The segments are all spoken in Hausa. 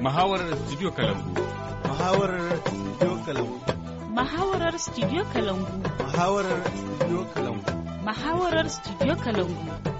Mahawar Studio Kalambu. Mahawarar Studio Kalambu. Mahawarar Studio Kalambu. Mahawarar Studio Kalambu. Mahawarar Studio Kalangu.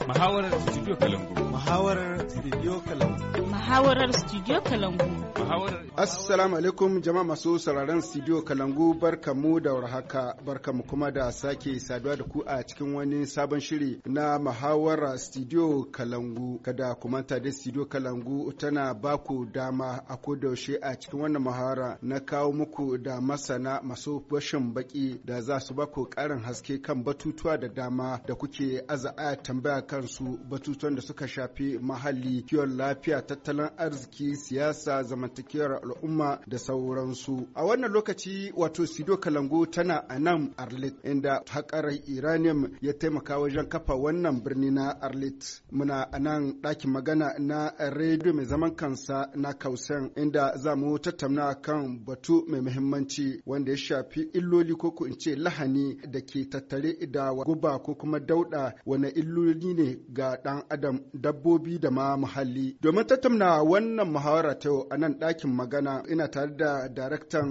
Mahawarar Studio Kalangu. Mahawarar Studio Kalangu. Mahawarar Studio Kalangu. Assalamu alaikum jama'a masu sauraron Studio Kalangu barka barkamu da warhaka mu kuma da sake saduwa da ku a cikin wani sabon shiri na mahawarar Studio Kalangu. Kada ku manta da Studio Kalangu tana baku dama a kodaushe a cikin wannan mahawara na kawo muku da masana masu bashin baki da za su baku karin haske kan batutuwa da dama dama da kuke aza aya tambaya kansu batutuwan da suka shafi mahalli kiwon lafiya tattalin arziki siyasa zamantakewar al'umma da sauransu a wannan lokaci wato sido kalango tana a nan arlit inda haƙar iranium ya taimaka wajen kafa wannan birni na arlit muna a nan ɗakin magana na rediyo mai zaman kansa na kausen inda za mu tattauna kan batu mai muhimmanci wanda ya shafi illoli ko in ce lahani da ke tattare da guba ko kuma dauɗa wane illoli ne ga ɗan adam dabbobi da ma muhalli. Domin tattauna wannan muhawara ta yau a nan ɗakin magana ina tare da daraktan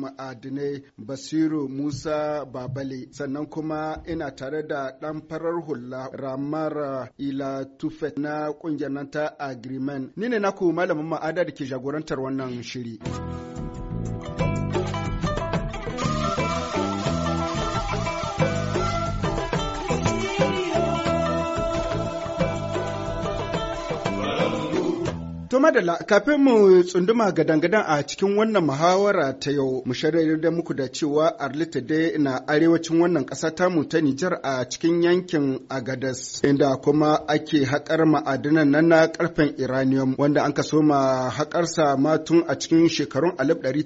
ma'adinai Basiru Musa Babale sannan kuma ina tare da ɗan farar hula ramara Ila Tufet na ƙungiyar nan ta Agreement. Ni ne naku malamin ma'ada da ke jagorantar wannan shiri. To da kafin mu tsunduma gadangadan a cikin wannan muhawara ta yau mu da muku da cewa Arlita dai na arewacin wannan ƙasa tamu ta Nijar a cikin yankin Agadas inda kuma ake haƙar ma'adinan nan na ƙarfen Iranium, wanda an kaso ma haƙarsa ma tun a cikin shekarun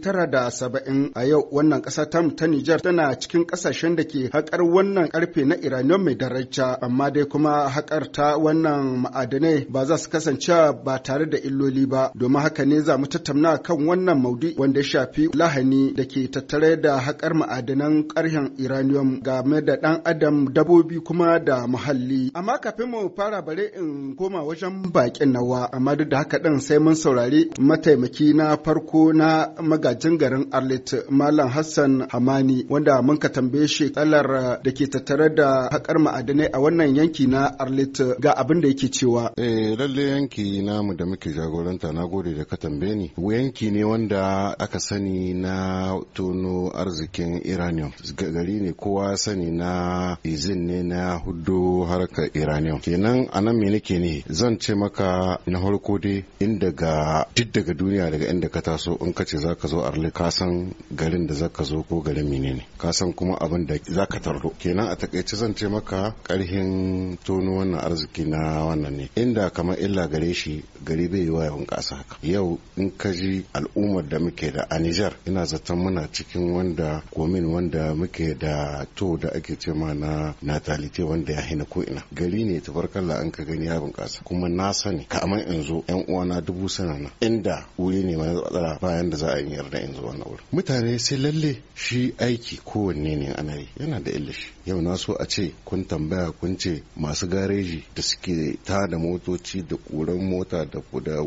tara da saba'in. a yau wannan ƙasa tamu ta Nijar tana cikin ƙasashen da ke haƙar wannan ƙarfe na iranium mai daraja amma dai kuma haƙar ta wannan ma'adanai ba za su kasance ba tare da illa matsaloli ba domin haka ne za mu tattauna kan wannan maudu wanda ya shafi lahani da ke tattare da haƙar ma'adanan ƙarhen iranium game da ɗan adam dabobi kuma da muhalli amma kafin mu fara bare in koma wajen bakin nawa amma duk da haka ɗin sai mun saurari mataimaki na farko na magajin garin arlet malam hassan hamani wanda mun ka tambaye shi kalar eh, da ke tattare da haƙar ma'adanai a wannan yanki na arlet ga abin da yake cewa eh lalle yanki namu da muke jago jagoranta na gode da ka tambaye ni yanki ne wanda aka sani na tono arzikin iranium gari ne kowa sani na izin ne na hudu harkar iranium kenan anan nan me nake ne zan ce maka na farko dai in daga duk daga duniya daga inda ka taso in ka ce za ka zo arle ka san garin da za ka zo ko garin menene ka san kuma abin da za ka tardo kenan a takaice zan ce maka karhin tono wannan arziki na wannan ne inda kamar illa gare shi gari bai wa. yawa ya haka yau in ka ji al'ummar da muke da a Nijar ina zaton muna cikin wanda komin wanda muke da to da ake ce ma na natalite wanda ya hina ko ina gari ne tabarkalla an ka gani ya bunƙasa kuma na sani kamar in zo yan uwana dubu sana na inda wuri ne mana tsara bayan da za a yi yarda in zo wannan wuri mutane sai lalle shi aiki kowanne ne ana yi yana da shi yau na so a ce kun tambaya kun ce masu gareji da suke da motoci da kuran mota da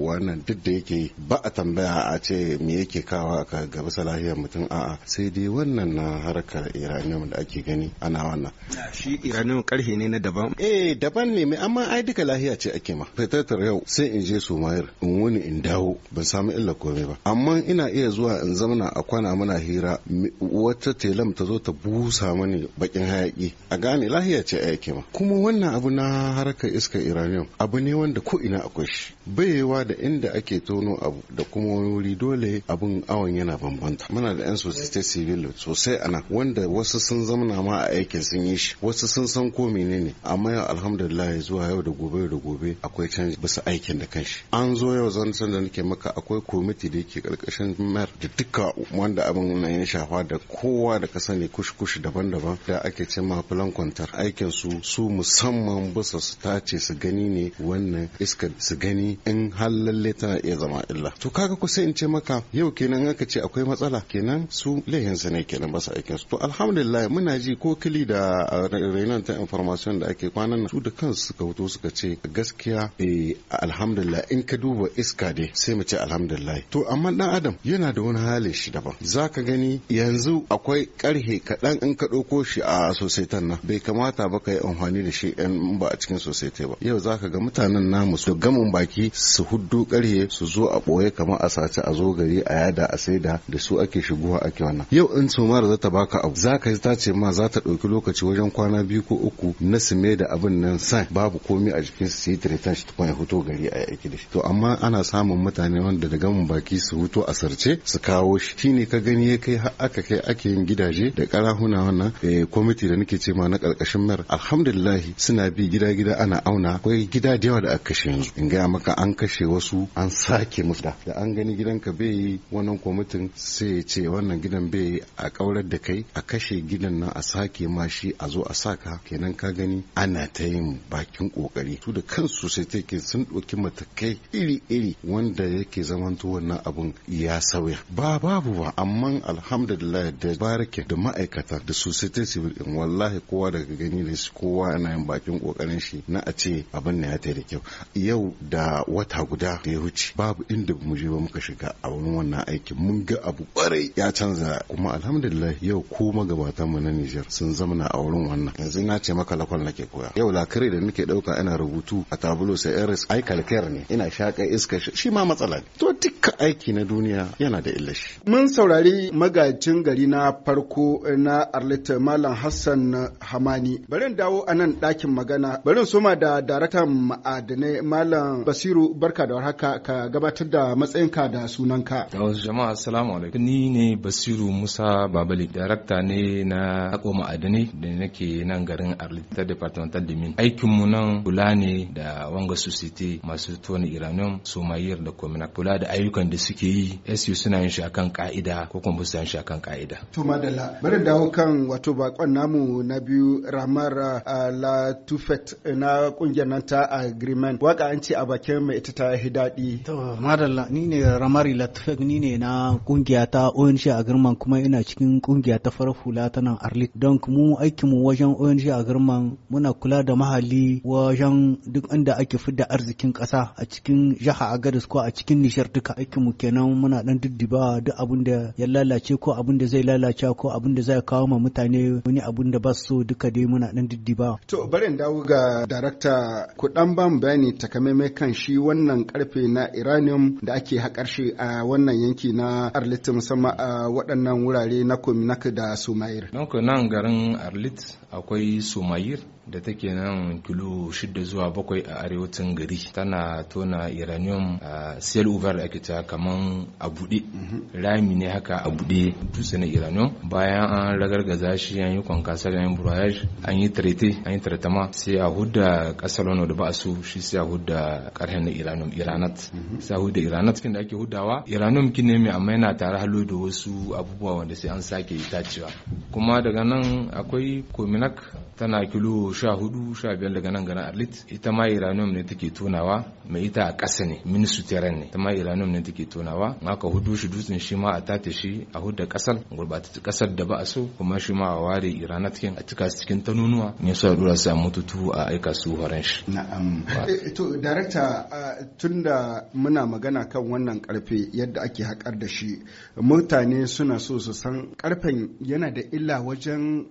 wannan duk da yake ba a tambaya a ce me yake kawa ka gaba salahiyar mutum a'a sai dai wannan na harkar iranium da ake gani ana wannan shi iranium karhe ne na daban eh daban ne mai amma ai duka lahiya ce ake ma fitatar yau sai in je sumayar in wuni in dawo ban samu illa komai ba amma ina iya zuwa in zamana a kwana mana hira wata telam ta zo ta busa mani bakin hayaki a gane lahiya ce ake ma kuma wannan abu na harkar iskar iranium abu ne wanda ko ina akwai shi bayewa da da inda ake tono abu da kuma wuri dole abun awon yana bambanta muna da yan society civil sosai ana wanda wasu sun zamana ma a aikin sun yi shi wasu sun san ko menene amma yau alhamdulillah zuwa yau da gobe da gobe akwai canji bisa aikin da kanshi an zo yau san da nake maka akwai komiti da yake karkashin mayar da duka wanda abin nan ya shafa da kowa da ka sani kush-kush daban-daban da ake ce ma filan kwantar aikin su su musamman bisa su tace su gani ne wannan iskar su gani in hal lalle tana iya zama illa to kaga sai in ce maka yau kenan aka ce akwai matsala kenan su laihin sa ne kenan ba su aikin su to alhamdulillah muna ji ko kili da rainan ta information da ake kwanan su da kansu suka fito suka ce gaskiya eh alhamdulillah in ka duba iska dai sai mu ce alhamdulillah to amma dan adam yana da wani halin shi daban zaka gani yanzu akwai karhe kaɗan in ka ɗauko shi a sosaitan nan bai kamata ba ka yi amfani da shi in ba a cikin sosaitai ba yau zaka ga mutanen namu su gamin baki su hudu duk karhe su zo a ɓoye kamar a sace a zo gari a yada a saida da su ake shigowa ake wannan yau in somar za ta baka abu za ka ta ce ma za ta ɗauki lokaci wajen kwana biyu ko uku na sime da abin nan san babu komi a jikin su sai tiretan shi tukun ya fito gari a aiki da shi to amma ana samun mutane wanda da gamin baki su huto a sarce su kawo shi shine ka gani ya kai har aka kai ake yin gidaje da karahuna wannan eh, kwamiti da nake ce ma na karkashin mayar alhamdulillahi suna bi gida gida ana auna akwai gida da yawa da aka kashe yanzu in gaya maka an kashe wasu an sake musu da an gani gidanka bai yi wannan kwamitin sai ya ce wannan gidan bai yi a kaurar da kai a kashe gidan nan a sake ma shi a zo a saka kenan ka gani ana ta yin bakin kokari su da kansu sai take sun ɗauki matakai iri-iri wanda yake zamanto wannan abun ya sauya ba babu ba amma alhamdulillah da barake da ma'aikata da society civil din wallahi kowa daga gani da kowa ana yin bakin kokarin shi na a ce abin ne ya ta da kyau yau da wata guda guda da ya wuce babu inda mu je ba muka shiga a wurin wannan aikin mun ga abu kwarai ya canza kuma alhamdulillah yau ko magabatan mu na Niger sun zamana a wurin wannan yanzu na ce maka lakwal nake koya yau lakare da nake dauka ina rubutu a tabulo sai RS ai kalkar ne ina shaka iska shi ma matsala ne to dukkan aiki na duniya yana da illashi mun saurari magajin gari na farko eh, na Arlita Malam Hassan Hamani barin dawo anan dakin magana barin soma da daratan ma'adanai Malam Basiru barka da da haka ka gabatar da matsayinka da sunanka. Da wasu jama'a assalamu alaikum. Ni ne Basiru Musa Babali, darakta ne na Ako ma'adanai da nake nan garin Arlita Departmental Dimin. Aikin mu nan kula ne da wanga society masu tona Iranium, Somayir da komina. Kula da ayyukan da suke yi, SU suna yin shi akan ka'ida ko kuma su yin shi akan ka'ida. To madalla, bari dawo kan wato bakon namu na biyu Ramar uh, La Tufet na kungiyar nan ta Agreement. Waka an ce a bakin mai ita ta fi daɗi. madalla, ni ne Ramari Latifek, ni ne na kungiya ta ONG a girman kuma ina cikin kungiya ta farar hula ta nan Arlit. Don mu aikinmu wajen ONG a girman muna kula da mahalli wajen duk inda ake fidda arzikin ƙasa a cikin jiha gadis ko a cikin Nishar duka aikinmu kenan muna ɗan diddiba duk abin da ya lalace ko abin da zai lalace ko abin da zai kawo ma mutane wani abin da ba so duka dai muna ɗan diddiba. To, barin dawo ga darakta kuɗan ban bayani takamaimai kan shi wannan karfe na iranium da ake haƙar a wannan yanki na arlit musamman a waɗannan wurare na kominak da sumayir. nan garin arlit akwai sumayir da take nan kilo 6 zuwa bakwai a arewacin gari tana tona iranium. a sel uber ake ta kaman a buɗe mhm. rami ne haka a buɗe dutse na uranium bayan an ragargaza shi an yi kwankasa da yan burayaj an yi tarete an yi taratama sai a hudda kasar wani da ba su shi sai a hudda ƙarhen na uranium iranat mhm. sai a hudda iranat kin da ake hudawa iranium kin ne mai amma yana tare halo da wasu abubuwa wanda sai an sake tacewa kuma daga nan akwai kominak tana kilo sha hudu sha biyar daga nan gana arlit ita ma iranium ne take tonawa mai ita a ƙasa ne minisuteren ne ita ma iranium ne take tonawa haka hudu shi dutsen shi ma a tata shi a hudu hudda ƙasar gurbatattu ƙasar da ba a so kuma shi ma a ware iranatkin a cika su cikin tanunuwa ne su a dora su a mututu a aika su horon shi. na'am eh, to darakta tunda muna magana kan wannan karfe yadda ake haƙar da shi mutane suna so su san karfen yana da illa wajen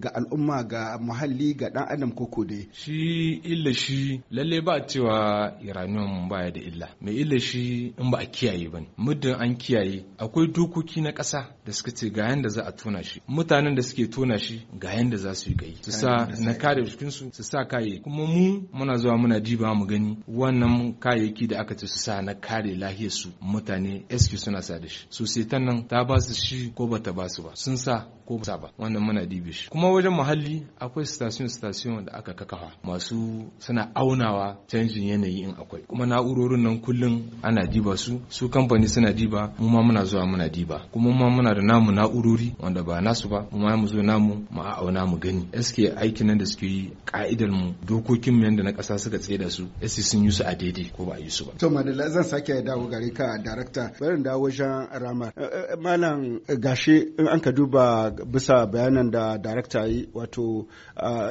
ga al'umma ga muhalli ga ɗan adam koko dai shi illa shi lalle ba cewa ba baya da illa mai illa shi in ba a kiyaye ba muddin an kiyaye akwai dokoki na ƙasa da suka ce ga yanda za a tona shi mutanen da suke tona shi ga yanda za su yi gai su sa na kare jikinsu su sa kaye kuma mu muna zuwa muna diba mu gani wannan kayayyaki da aka ce su sa na kare lahiyar su mutane eski suna sa da shi sosai nan ta ba su shi ko bata ba su ba sun sa ko ba ba wannan muna dibe shi kuma wajen muhalli akwai station station da aka kakafa masu suna aunawa canjin yanayi in akwai kuma na'urorin nan kullum ana diba su su kamfani suna diba mu ma muna zuwa muna diba kuma ma muna da namu na'urori wanda ba nasu ba mu ma mu zo namu mu auna mu gani eske aikin nan da suke yi ka'idar mu dokokin mu yanda na kasa suka tsaye da su eske sun yi su a daidai ko ba yi su ba to madalla zan sake dawo gare ka director barin dawo wajen ramar eh, eh, malam gashi in an ka duba bisa bayanan da darakta yi wato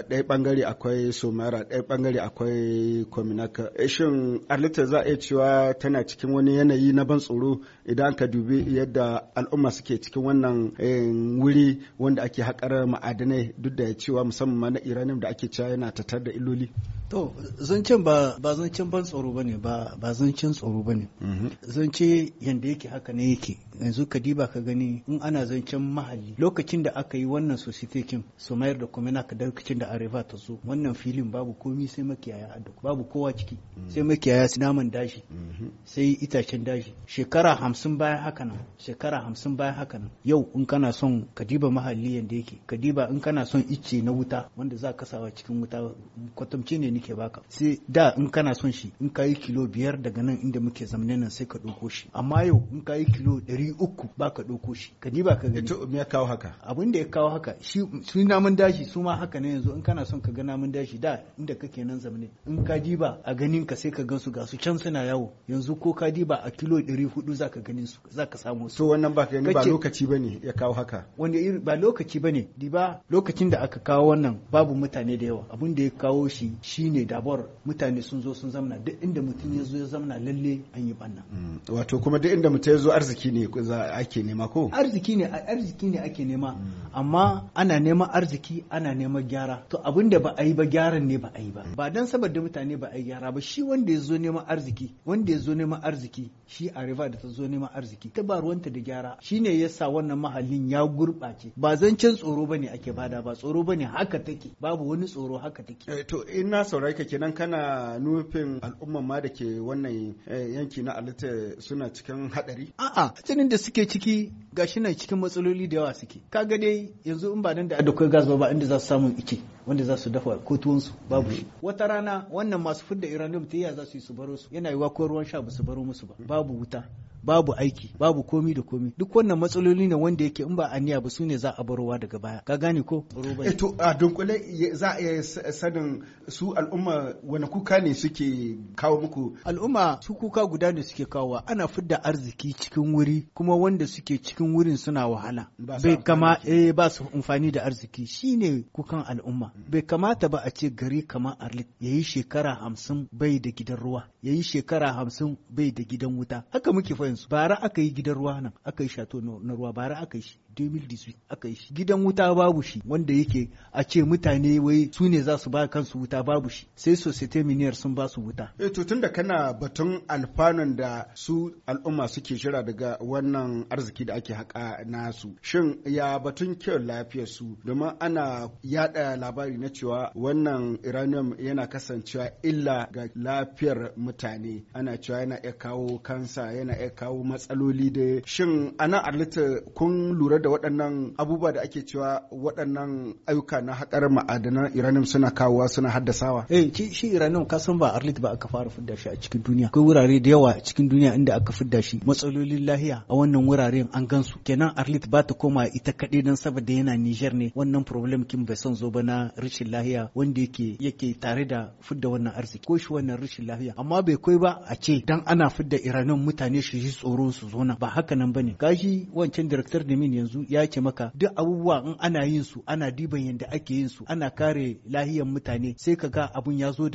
ɗaya bangare akwai somara ɗaya bangare akwai kwaminaka eh, shin arlita za a iya cewa tana cikin wani yanayi na ban tsoro idan ka dubi yadda al'umma suke cikin wannan eh, wuri wanda ake haƙar ma'adanai duk da cewa musamman ma na iranium da ake cewa yana tattar da illoli to zancen ba zancen ban tsoro ba ba ba zancen tsoro ne mm-hmm. zance yanda yake haka ne yake yanzu ka diba ka gani in ana zancen mahalli lokacin da aka yi wannan sositekin su mayar da kuma ka lokacin da areva ta zo wannan filin babu komi sai makiyaya a babu kowa ciki mm. sai makiyaya su naman dashi mm-hmm. sai itacen daji. shekara hamsin hamsin bayan haka nan shekara hamsin bayan haka nan yau in kana son ka diba mahalli yadda yake ka diba in kana son icce na wuta wanda za ka sawa cikin wuta kwatamci ne nake baka sai da in kana son shi in ka yi kilo biyar daga nan inda muke zamne nan sai ka ɗauko shi amma yau in ka yi kilo ɗari uku ba ka ɗauko shi ka diba ka gani. me ya kawo haka. abin da ya kawo haka shi su namun dashi su ma haka ne yanzu in kana son ka ga namun dashi da inda kake nan zamne in ka diba a ganin ka sai ka gan su ga su can suna yawo yanzu ko ka diba a kilo ɗari hudu za ka ganin su za ka samu su. To wannan ba ka ba lokaci ba ne ya kawo haka. Wanda iri ba lokaci ba ne ba lokacin da aka kawo wannan babu mutane da yawa abin da ya kawo shi shine dabar mutane sun zo sun zamna duk inda mutum ya zo ya zamna lalle an yi banna. Mm. Wato kuma duk inda mutum ya zo arziki ne ake nema ko? Arziki ne arziki ne ake nema mm. amma ana nema arziki ana nema gyara to abin da ba a yi ba gyaran ne ba a yi ba mm. ba dan saboda mutane ba a yi gyara ba shi wanda ya zo neman arziki wanda ya zo neman arziki shi a riva da ta zo neman arziki ta baruwanta ruwanta da gyara shine yasa wannan mahallin ya gurɓace ba zancen tsoro bane ake bada ba tsoro bane haka take babu wani tsoro haka take eh, to in na saurari ka kenan kana nufin al'umman ma da ke wannan eh, yanki na alita suna cikin hadari a'a tunin da suke ciki gashi na cikin matsaloli da yawa suke kaga dai yanzu in ba nan da adakwai gas ba inda za su samu ice wanda za su dafa ko babu shi wata rana wannan masu fidda iranium ta za su yi su baro su yana yiwa ko ruwan sha ba su baro musu ba babu wuta babu aiki babu komi da komi duk wannan matsaloli ne wanda yake in ba a niyya ba su za a barowa daga baya ka gane ko eh, to a dunkule za a sanin su al'umma wani kuka ne suke kawo muku al'umma su kuka guda ne suke kawo ana fidda arziki cikin wuri kuma wanda suke cikin wurin suna wahala bai kama eh ba su amfani da arziki shine kukan al'umma bai kamata ba a ce gari kamar arlit yayi shekara hamsin bai da gidan ruwa yayi shekara hamsin bai da gidan wuta haka muke fa bara aka yi gidan ruwa nan aka yi shato na ruwa bara aka yi shi 2018 aka yi shi gidan wuta babu shi wanda yake a ce mutane wai su ne za su ba kansu wuta babu shi sai societe miniyar sun ba su wuta e to tunda kana batun alfanun da su al'umma suke shira daga wannan arziki da ake haƙa nasu shin ya batun kyau lafiyar su domin ana yada labari na cewa wannan uranium yana kasancewa illa ga lafiyar mutane ana cewa yana iya kawo kansa yana iya kawo matsaloli da shin ana arlita kun lura da da waɗannan abubuwa da ake cewa waɗannan ayyuka na haƙar ma'adanan uranium suna kawowa suna haddasawa eh shi uranium ka san ba arlit ba aka fara fidda shi a cikin duniya akwai wurare da yawa a cikin duniya inda aka fidda shi matsalolin lahiya a wannan wuraren an gan su. kenan arlit ba ta koma ita kaɗai don saboda yana Niger ne wannan problem kin bai san zo ba na rashin lahiya wanda yake yake tare da fidda wannan arziki ko shi wannan rashin lahiya amma bai kai ba a ce dan ana fidda uranium mutane su ji tsoron su zo na. ba haka nan bane gashi wancan director da min yanzu yanzu ya ce maka duk abubuwa in ana yin su ana diban yadda ake yin su ana kare lahiyar mutane sai ka ga abun ya zo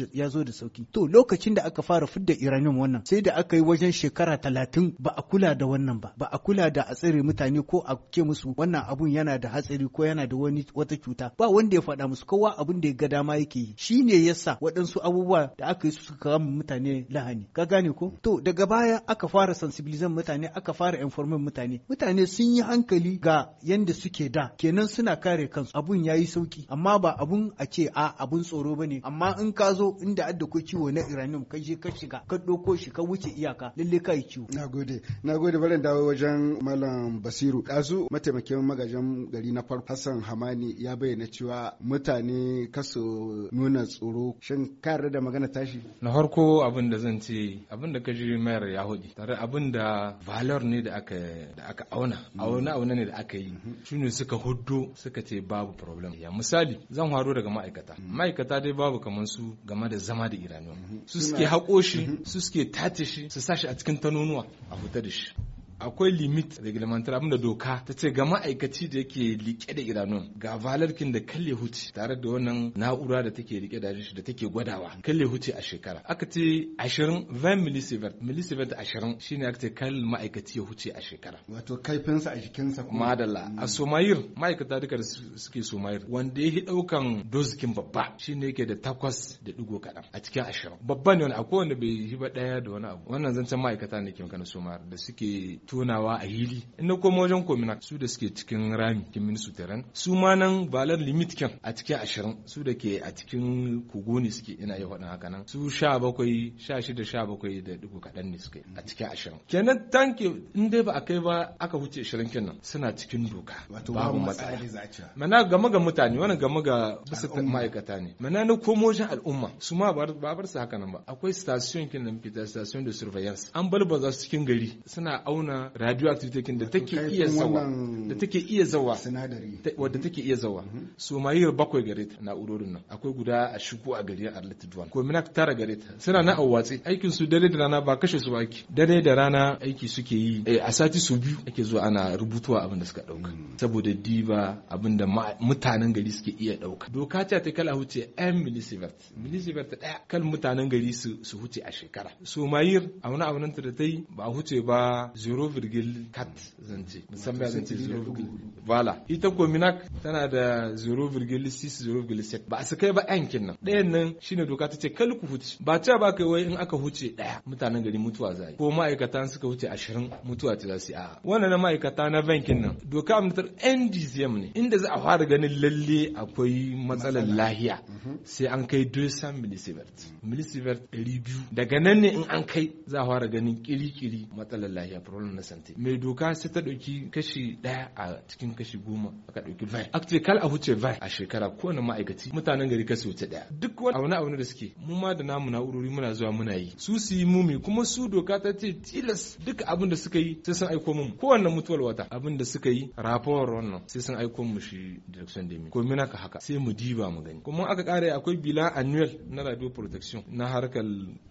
da sauki to lokacin da aka fara fidda iranium wannan sai da aka yi wajen shekara talatin ba a kula da wannan ba ba a kula da a tsare mutane ko a ke musu wannan abun yana da hatsari ko yana da wani wata cuta ba wanda ya faɗa musu kowa abun da ya ga dama yake yi shi ne yasa waɗansu abubuwa da aka yi su suka kama mutane lahani ka gane ko to daga baya aka fara sensibilizan mutane aka fara informin mutane mutane sun yi hankali ga daga yanda suke da kenan suna kare kansu abun ya yi sauki amma ba abun a ce a abun tsoro bane amma in ka zo inda adda ko ciwo na iranium ka je ka shiga ka ɗauko shi ka wuce iyaka lalle ka yi ciwo nagode nagode barin dawo wajen malam basiru ɗazu mataimakin magajan gari na farko hassan hamani ya bayyana cewa mutane kaso nuna tsoro shin kare da magana tashi na farko abin da zan ce abin da ka ji mayar ya hudi tare abin da valor ne da aka da aka auna auna auna ne da aka yi mhm. shi ne suka huddo suka ce babu problem ya misali zan haro daga ma'aikata mhm. ma'aikata dai babu kamar su game da zama da iraniyan mhm. su suke haƙo shi su suke tace shi su sa shi a cikin tanonuwa a fita da shi akwai limit reglementar abinda doka ta ce ga ma'aikaci da yake liƙe da idanun ga valarkin da kalle huci tare da wannan na'ura da take liƙe da shi da take gwadawa kalle huci a shekara aka ce 20 millisievert millisievert 20 shine aka ce kal ma'aikaci ya huce a shekara wato kaifinsa a jikinsa kuma madalla a mm. somayir ma'aikata duka da suke somayir wanda ya daukan dozikin babba shine yake da takwas da digo kaɗan a cikin ashirin babban ne wani akwai wanda bai yi ba ɗaya da wani abu wannan zancen ma'aikata ne ke magana somayir da suke tonawa a hili in na koma wajen komina su da suke cikin rami kimin su taran su ma nan balar limit kyan a cikin ashirin su da ke a cikin kogo ne suke ina yi faɗin haka nan su sha bakwai sha shida sha bakwai da duku kaɗan ne suke a cikin ashirin kenan tanke in dai ba a kai ba aka wuce ashirin kyan nan suna cikin doka babu matsala mana game ga mutane wani game ga bisa ma'aikata ne mana na komo wajen al'umma su ma ba bar su haka nan ba akwai station kin fita station da surveillance an balbaza su cikin gari suna auna radioactivity kin da take iya zawa da take iya zawa sinadari wadda take iya zawa mhm. so mayir bakwai gare ta urorin nan akwai guda a shigo a gari a Duwan ko minak tara gare ta suna na awwatsi aikin su dare da rana ba kashe su ba dare da rana aiki suke yi eh, a sati su biyu ake zuwa ana rubutuwa abin da suka dauka mm. saboda diba abin da mutanen gari suke iya dauka doka ce ta kala huce 1 milisivert milisievert mm. daya kan mutanen gari su huce a shekara so mayir a wani abin da ta yi ba huce ba zero 0,4 zance musamman ita kominak tana da 0,6 0,7 ba su kai ba yankin nan ɗayan nan shine doka ta ce kal ku huce ba ce ba kai wai in aka huce ɗaya mutanen gari mutuwa za ko ma'aikata suka huce ashirin mutuwa ta za su a wannan na ma'aikata na bankin nan doka mutar ndzm ne inda za a fara ganin lalle akwai matsalar lahiya mhm. sai an kai 200 millisievert millisievert 200 daga nan ne in an kai za a fara ganin kiri-kiri matsalar lahiya na sante mai doka sai ta dauki kashi daya a cikin kashi goma aka ɗauki vai akte kal a huce vai a shekara kowane ma'aikaci mutanen gari kasu wuce daya duk wani abu na abu da suke mu ma da namu na'urori muna zuwa muna yi su su yi mumi kuma su doka ta ce tilas duk abin da suka yi sai sun aiko mun kowanne mutuwar wata abin da suka yi rapor wannan sai sun aiko mu shi direction da ko mina ka haka sai mu diba mu gani kuma aka kare akwai bila annual na radio protection na harkar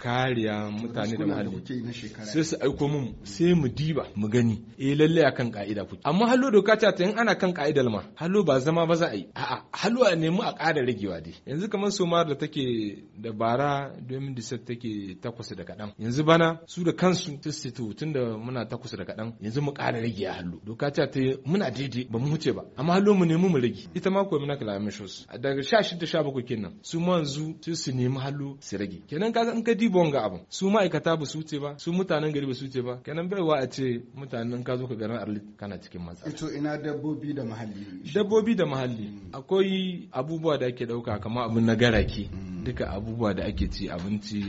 kariya mutane da muhalli sai su aiko mu sai mu diba ba mu gani eh lalle akan ka'ida kuke amma hallo doka ta ta in ana kan ka'idar ma hallo ba zama ba za a yi a'a hallo a nemi a ƙara ragewa dai yanzu kamar somar da take da bara 2017 take takwas da kaɗan yanzu bana su da kansu su tun da muna takwas da kaɗan yanzu mu ƙara rage a hallo doka ta ta muna daidai ba mu huce ba amma hallo mu nemi mu rage ita ma ko muna kalamin a daga 16 17 kenan su ma yanzu su su nemi hallo su rage kenan kaga in ka dibo wanga abin su ma'aikata ba su ce ba su mutanen gari ba su ce ba kenan baiwa a ce ce mutanen ka zo ka garin arlit kana cikin matsala ito ina dabbobi da muhalli dabbobi da muhalli akwai abubuwa da ake dauka kamar abin na garaki mm. duka abubuwa da ake ci abinci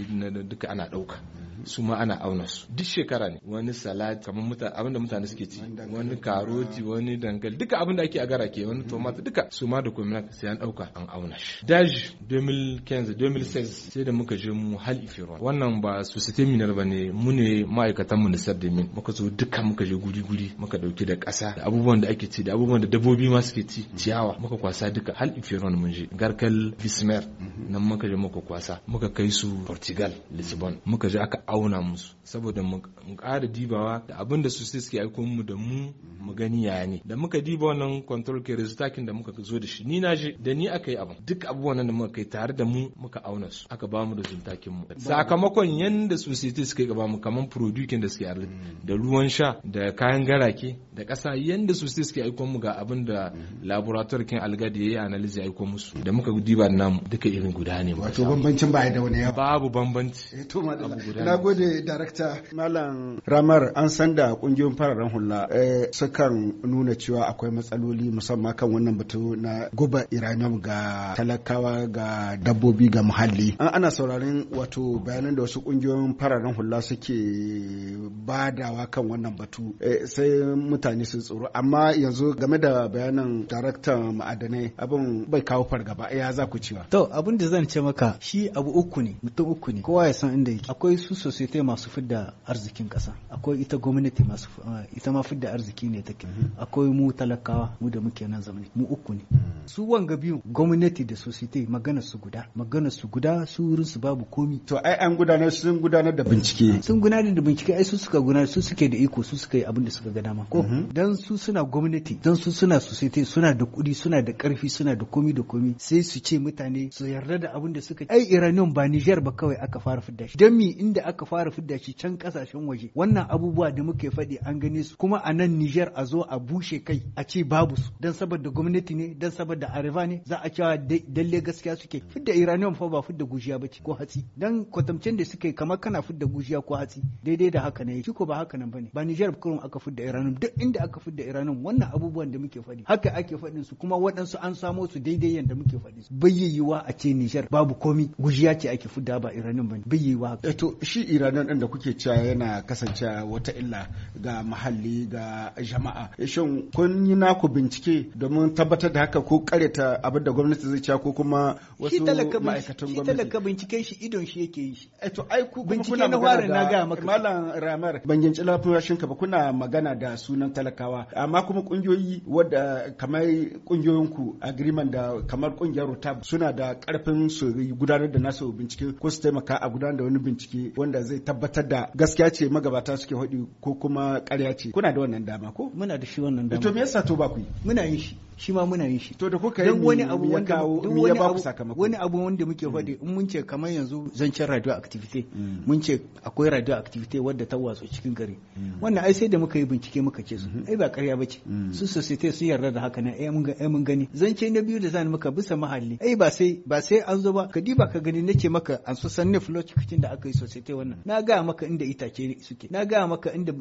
duka ana dauka su ma ana auna su duk shekara ne wani salat kamar mutane abinda mutane suke ci wani karoti wani dankali duka abinda ake a gara ke wani tomato duka su ma da kuma sai an dauka an auna shi daji 2015 2016 sai da muka je mu hal ifiron wannan ba su site minar ba ne mu ne ma'aikatan mu nisar da min muka zo duka muka je guri guri muka dauki da kasa. da abubuwan da ake ci da abubuwan da dabbobi ma suke ci ciyawa muka kwasa duka hal ifiron mun je garkal bismer mhm. nan muka je muka kwasa muka kai su portugal lisbon muka je aka auna musu saboda mu ƙara dibawa da abin da su suke aiko mu da mu mu gani ya ne da muka diba wannan control ke resultakin da muka zo da shi ni na je da ni aka yi abin duk abubuwan da muka kai tare da mu muka auna su aka ba mu resultakin mu sakamakon yanda su suke gaba mu kaman produkin da suke arziki mm. da ruwan sha da kayan garake da ƙasa yanda su suke aiko mu ga abin da mm. laboratory kin algadi yayi analysis ya aiko musu da muka diba namu duka irin guda ne wato bambancin ba da wani yawa babu bambanci eh, to madalla gode darakta malam ramar an san da kungiyoyin fararen hula eh, sukan nuna cewa akwai matsaloli musamman kan wannan batu na guba iranium ga talakawa ga dabbobi ga muhalli an ana sauraron wato bayanan da wasu kungiyoyin fararen hula suke badawa kan wannan batu eh, sai mutane sun tsoro amma yanzu game da bayanan daraktan ma'adanai abin bai kawo fargaba ya za ku cewa to abin da zan ce maka shi abu uku ne mutum uku ne kowa ya san inda yake akwai su society masu fidda arzikin kasa akwai ita gwamnati masu eh, ita ma fidda arziki ne take mm-hmm. akwai mu talakawa mu da muke nan zamani mu uku ne mm-hmm. su wanga biyu gwamnati da society magana su guda magana su guda su wurin su babu komi to ai an gudanar sun gudanar da bincike sun gudanar da bincike ai su suka gudanar su suke da iko su suka yi abin da suka ga dama ko mm-hmm. dan su suna gwamnati dan su suna society suna da kudi suna da ƙarfi suna da komi da komi sai su ce mutane su yarda da abin da suka ai iranium ba Niger ba kawai aka fara fidda shi dan mi inda aka aka fara fidda shi can kasashen waje wannan abubuwa da muke faɗi an gane su kuma a nan Niger a zo a bushe kai a ce babu su dan saboda gwamnati ne dan saboda areva ne za a cewa dalle gaskiya suke fidda Iraniyan fa ba fidda gujiya bace ko hatsi dan kwatamcen da suke kamar kana fidda gujiya ko hatsi daidai da haka ne shi ko ba haka nan bane ba Niger kurum aka fidda Iraniyan duk inda aka fidda Iraniyan wannan abubuwan da muke faɗi haka ake faɗin su kuma waɗansu an samo su daidai yanda muke faɗi su bai a ce Niger babu komi gujiya ce ake fidda ba Iraniyan bane bai eh, to shi shi iranian din da kuke cewa yana kasance wata illa ga muhalli ga jama'a shin kun yi naku bincike domin tabbatar da haka ko kareta abin da gwamnati zai cewa ko kuma wasu ma'aikatan gwamnati shi talaka bincike shi idon shi yake yi eh to ai ku bincike na ware na ga maka malam ramar bangin lafiyashin ka ba kuna magana da sunan talakawa amma kuma kungiyoyi wadda kamar kungiyoyin ku agreement da kamar kungiyar rutab suna da karfin su gudanar da nasu bincike ko su taimaka a gudanar da wani bincike wanda wanda zai tabbatar da gaskiya ce magabata suke hudu ko kuma karya ce kuna da wannan dama ko muna da shi wannan dama to me yasa to ba ku yi muna yin shi shi ma muna yin shi to da kuka yi wani abu wanda wani abu sakamako wani abu wanda muke mm. fadi in mun ce kamar yanzu zancen radio activity mm. mun ce akwai radio activity wadda ta watsu cikin gari mm. wannan ai sai da muka yi bincike muka ce su mm-hmm. ai ba ƙarya bace su society sun yarda da haka nan ai mun gani zance na biyu da zan muka bisa mahalli ai ba sai ba sai an zo ba ka diba ka gani nace maka an so sanne flow cikin da aka yi society wannan na ga maka inda itace suke na ga maka inda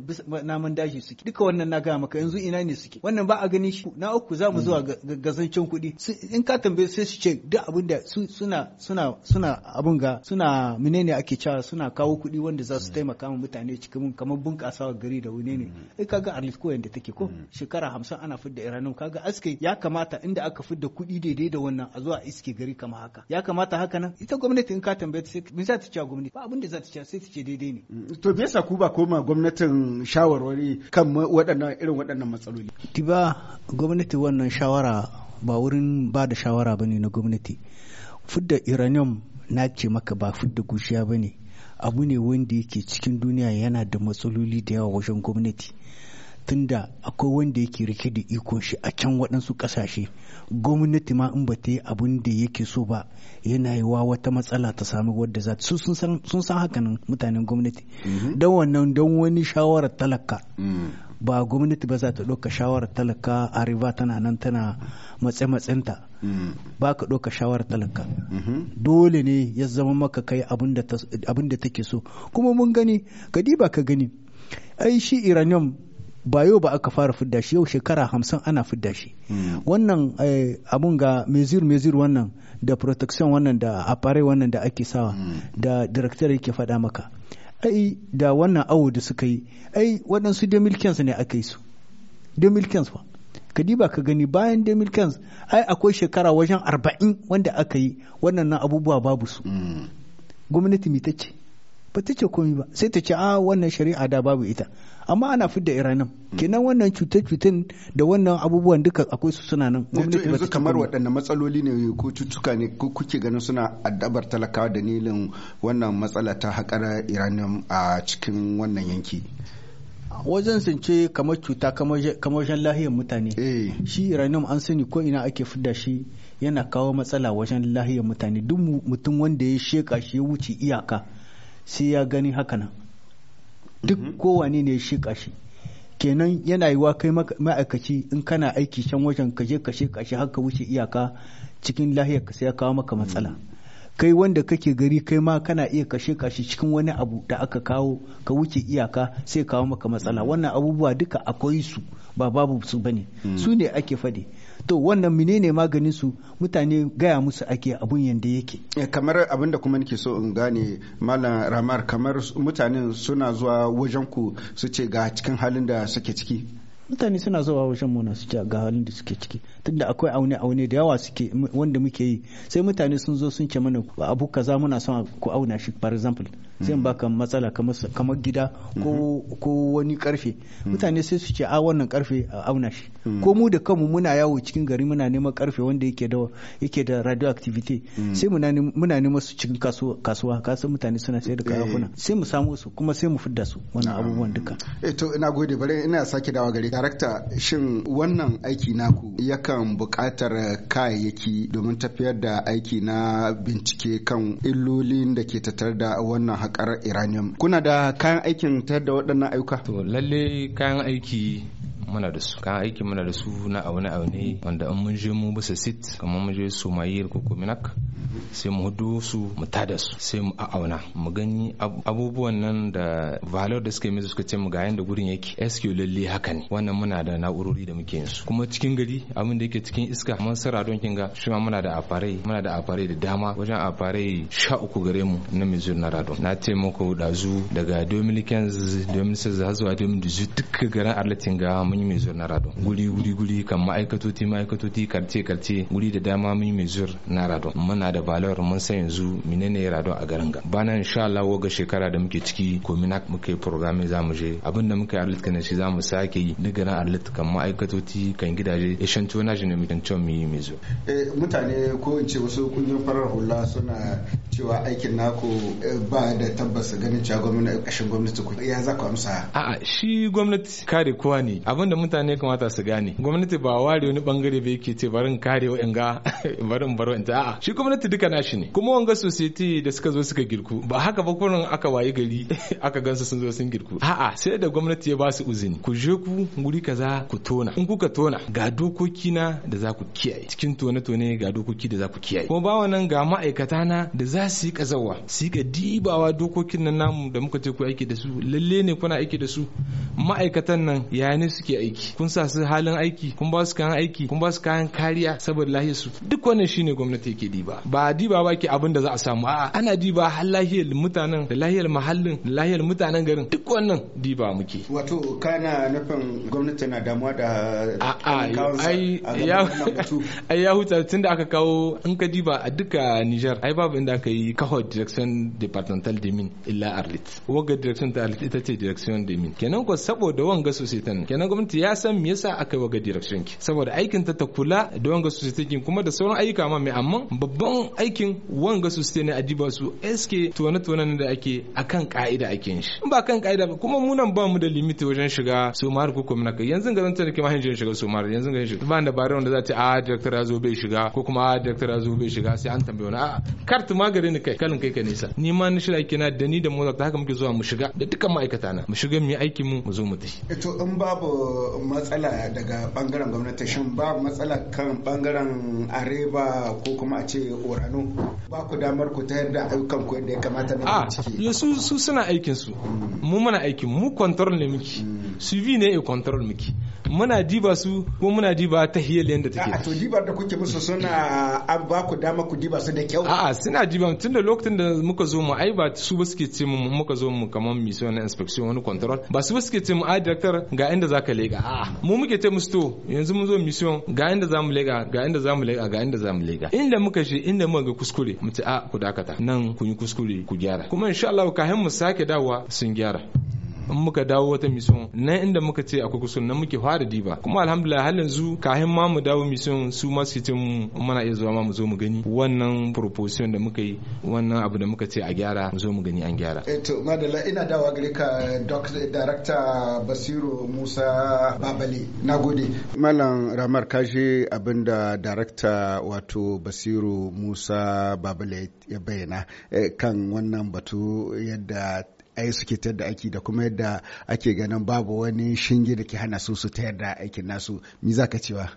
namun daji suke duka wannan na ga maka yanzu ina ne suke wannan ba a gani shi na uku za mu zuwa gasancin kuɗi in ka tambaye sai su ce duk abin da suna suna suna abin ga suna menene ake cewa suna kawo kuɗi wanda za su mm. taimaka ma mutane cikin kamar bunƙasawa gari da wune ne mm. ai kaga arlisko yanda take ko mm. shekara hamsin ana fidda iranium kaga aske ya kamata inda aka fidda kuɗi daidai da wannan a zuwa iske gari kama haka ya kamata haka nan ita gwamnati in ka tambaye sai me za ta ce gwamnati ba abin da za ta ce sai ta ce daidai ne to me yasa ku ba koma gwamnatin shawarwari kan waɗannan irin waɗannan matsaloli tiba gwamnati wannan shawara ba wurin ba da shawara ba ne na gwamnati fudda iranium na ce maka ba fudda gushiya ba ne abu ne wanda yake cikin duniya yana da matsaloli da yawa wajen gwamnati tunda akwai wanda yake rike da ikon shi a can waɗansu ƙasashe gwamnati ma in ba ta yi abin da yake so ba yana yi wa wata matsala ta sami wadda za ta sun san hakanan mutanen gwamnati mm-hmm. don wannan don wani shawarar talaka mm. ba gwamnati ba za ta ɗauka shawarar talaka a riba tana nan tana matse-matsinta mm. ba ka ɗauka shawarar talaka mm-hmm. dole ne ya zama maka kai abin da take so kuma mun gani gadi ba ka gani ai shi iranium ba yau ba aka fara fidda shi yau shekara hamsin ana fidda shi mm. wannan eh, abun ga mezir mezir wannan da protection wannan da apare wannan da ake sawa mm. da director yake faɗa maka ai da wannan awo da suka yi ai waɗansu da milkensu ne aka yi su da milkensu ba ka diba ka gani bayan da milkensu ai akwai shekara wajen arba'in wanda aka yi waɗannan abubuwa babu su mm. gwamnati mitacce ce ba ta ce komi ba sai ta ce a ah, wannan shari'a da babu ita amma ana fidda iranin hmm. kenan wannan cutar cutar da wannan abubuwan duka akwai su suna nan gwamnati yanzu kamar waɗanne matsaloli ne ko cutuka ne ko kuke ganin suna addabar talakawa nilin wannan matsala ta haƙar iranin a cikin wannan yanki wajen zance kamar cuta kamar jan lahiyar mutane eh. shi iranin an sani ko ina ake fidda shi yana kawo matsala wajen lahiyar mutane duk mutum wanda ya sheka shi ya wuce iyaka sai ya gani haka nan duk mhm. kowane ne shi kashi kenan yana yiwa kai ma'aikaci in kana aiki can wajen kashe kashe kashe haka wuce iyaka cikin lahiyar ka sai ya kawo maka matsala mhm. kai wanda kake gari kai ma kana iya kashe kashe cikin wani abu da aka kawo ka wuce iyaka sai kawo maka matsala mhm. wannan abubuwa duka akwai su ba babu su bane su ne ake fade to wannan menene maganin su mutane gaya musu ake abun yanda yake eh, kamar abin da kuma nake so in gane malam ramar kamar mutanen suna zuwa wajen ku su ce ga cikin halin da suke ciki mutane suna zuwa wajen muna su ce ga halin da suke ciki tunda akwai aune aune da yawa suke wanda muke yi sai mutane sun zo sun ce mana abu kaza muna son ku auna shi for example sai in mm. baka matsala kamar gida ko mm-hmm. wani karfe mm. mutane sai su ce a wannan karfe a auna shi mm. ko mu da kanmu muna yawo cikin gari muna neman karfe wanda yake da yake da radioactivity sai muna neman su cikin kasuwa kasan mutane suna sayar da kayakuna eh. sai mu samu su kuma sai mu fidda su wannan ah. abubuwan duka eh to ina gode bare ina sake dawa gare darakta shin wannan aiki naku yakan buƙatar kayayyaki domin tafiyar da aiki na bincike kan illolin da ke tattare da wannan haƙar iranium kuna da kayan aikin ta da waɗannan ayyuka to lalle kayan aiki muna da su kan aiki muna da su na abu ne wanda in mun je mu bisa sit kamar mun je somayir ko kominak sai mu hudu su mu tada su sai mu auna mu gani abubuwan nan da valor da suke mai suka ce mu ga yanda gurin yake SQ lalle haka ne wannan muna da na'urori da muke yin su kuma cikin gari abin da yake cikin iska mun sara don kin ga shi ma muna da afarai muna da afarai da dama wajen afarai sha uku gare mu na mizu na rado na ce muku dazu daga Dominicans Dominicans har zuwa Dominicans duk garin Arlatin ga mun muni mai zuwa na radon guri guri guri kan ma'aikatoti ma'aikatoti karce karce guri da dama muni mai zuwa na radon muna da balawar mun san yanzu menene ya rado a garin ga bana insha Allah waga shekara da muke ciki kominak muke programme za mu je abin da muka yi arlitka ne shi za mu sake yi daga na arlitka kan ma'aikatoti kan gidaje ya eh, shanto na jini mutum can mu yi mai zuwa. Eh, mutane ko in ce wasu kungiyar farar hula suna cewa aikin naku eh, ba da tabbas ganin cewa gwamnati ƙashin gwamnati ya za ku amsa. a'a shi gwamnati kare kowa ne abin da mutane kamata su gane gwamnati ba ware wani bangare ba yake ce barin kare wa'anga barin baro ta a'a shi gwamnati duka nashi ne kuma wanga society da suka zo suka girku ba haka ba kurin aka wayi gari aka gansu sun zo sun girku a'a sai da gwamnati ya ba su uzini ku je ku guri kaza ku tona in kuka tona ga dokoki na da za ku kiyaye cikin tone tone ga dokoki da za ku kiyaye kuma ba wannan ga ma'aikata na da za su yi kazawa su yi dibawa dokokin nan namu da muka ce ku aiki da su lalle ne kuna aiki da su ma'aikatan nan yayin ne suke suke aiki kun sa su halin aiki kun ba su kayan aiki kun ba su kayan kariya saboda lahiyar su duk wannan shine gwamnati yake diba ba diba ba ke abin da za a samu a'a ana diba har lahiyar mutanen da lahiyar mahallin da lahiyar mutanen garin duk wannan diba muke wato kana nufin gwamnati na damuwa da a'a ai ai ya huta tunda aka kawo in ka diba a duka Niger ai babu inda aka yi kawo direction departmental de min illa Arlit waga direction ta Arlit ita ce direction de min kenan ko saboda wanga sosai kenan gwamnati ya san me yasa aka yi wa direction ki saboda aikin ta ta kula da wanga society kin kuma da sauran ayyuka ma mai amma babban aikin wanga society ne a diba su SK tone tone da ake akan ka'ida ake shi ba kan ka'ida ba kuma munan ba mu da limiti wajen shiga su mar ko kuma kai yanzu ga zantar ki ma hanjin shiga su mar yanzu ga shi ba da bare wanda za ta a director ya zo bai shiga ko kuma a director ya zo bai shiga sai an tambaye wani a kart magare ni kai kalin kai ka nisa ni ma ni shirya kina da ni da mu za ta haka muke zuwa mu shiga da dukkan ma'aikata na mu shiga mu yi aikin mu mu zo mu tafi eh to in babu matsala daga bangaren gwamnati shin ba matsala kan bangaren areba ko kuma a ce orano ba ku damar ku ta yarda ayyukan ku yadda ya kamata na ah, ciki su suna aikin su hmm. mu muna aikin mu kwantar ne muke hmm. suivi ne e control muke muna diba su ko muna diba ta hiyar yadda take a to dibar da kuke musu suna an ba ku dama ku diba su da kyau a'a suna diba tun da lokacin da muka zo mu ai ba su ba suke ce mu muka zo mu kamar mission na inspection wani control ba su ba suke ce mu a director ga inda zaka lega a'a mu muke ce musu to yanzu mun zo mission ga inda zamu lega ga inda zamu lega ga inda zamu lega inda muka shi inda muka ga kuskure mu ce a ku dakata nan kun yi kuskure ku gyara kuma insha Allah kahin mu sake dawowa sun gyara in muka dawo wata mission nan inda muka ce akwai kusur nan muke fara diba kuma alhamdulillah har yanzu kahin ma mu dawo mission su ma su ce muna iya zuwa ma mu zo mu gani wannan proposition da muka yi wannan abu da muka ce a gyara mu zo mu gani an gyara eh to madalla ina dawo gare ka director Basiru Musa Babale nagode malam Ramar kashi abinda director wato Basiru Musa Babale ya bayyana eh, kan wannan batu yadda ai suke tayar da aiki da kuma yadda ake ganin babu wani shinge da ke hana su su tayar da aikin nasu mi za ka cewa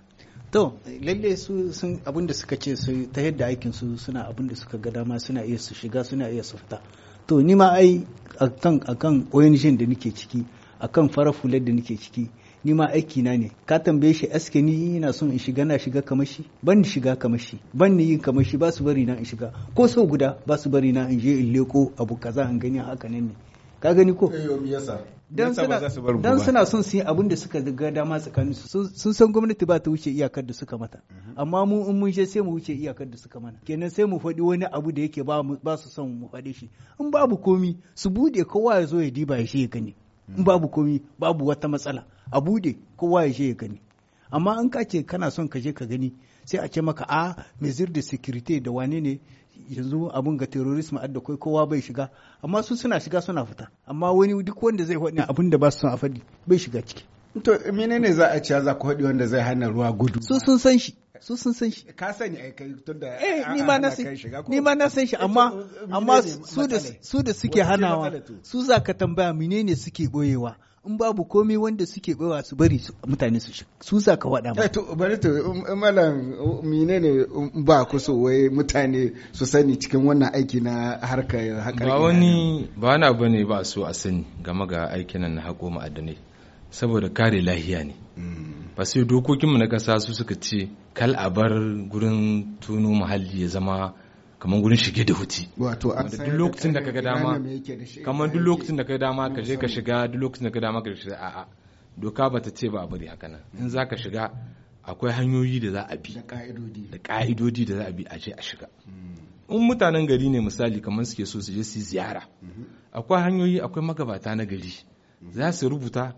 to lalle su sun abin da suka ce su ta yadda aikin su suna abin da suka ga dama suna iya su shiga suna iya su fita to ni ma ai akan akan ONG da nake ciki akan farafular da nake ciki ni ma aiki na ne ka tambaye shi aske ni ina son in shiga na shiga kamar shi ban ni shiga kamar shi ban ni yin kamar shi ba su bari na in shiga ko sau guda ba su bari na in je in leko abu kaza in gani haka ne ka gani ko eh, dan suna son su yi abin da suka ga dama tsakanin su sun san gwamnati ba ta wuce iyakar da suka mata mhm. amma mu in mun je sai mu wuce iyakar da suka mana kenan sai mu faɗi wani abu da yake ba su son mu faɗi shi in babu komi su bude kowa ya zo ya diba ya shi ya gani in mhm. babu komi babu wata matsala a bude kowa ya je ya gani amma in ka ce kana son ka je ka gani sai a ce maka a ah, mezir da security da wane ne yanzu abun ga terrorism adda kai kowa bai shiga amma su suna shiga suna fita amma wani duk wanda zai faɗi abun da ba su son a faɗi bai shiga ciki to menene za a ci za ku faɗi wanda zai hana ruwa gudu su sun san shi su sun san shi ka sani ai kai tunda eh ni ma na san shi ni ma na san shi amma eh, amma su da su da suke hanawa su za ka tambaya menene suke boyewa in babu komai wanda suke bawa su bari mutane su shi su sa ka waɗa ba. Eh, bari to um, um, malam mine um, ne ba ku so wai mutane su sani cikin wannan aiki na harkar haƙar ba wani ba wani abu ne ba so a sani game ga aikin nan na hako ma'adanai saboda kare lahiya ne hmm. ba sai dokokinmu na ƙasa su suka ce kal a bar gurin tuno muhalli ya zama kamar gurin shige da hutu wato duk lokacin da kaga dama kamar duk lokacin da kaga dama ka je ka shiga duk lokacin da kaga dama ka shiga a'a doka bata ce ba a bari haka nan in zaka shiga akwai hanyoyi da za a bi da ka'idodi da za a bi a je a shiga hmm. in mutanen gari ne misali kamar suke so su je su ziyara mm-hmm. akwai hanyoyi akwai magabata na gari mm-hmm. za su rubuta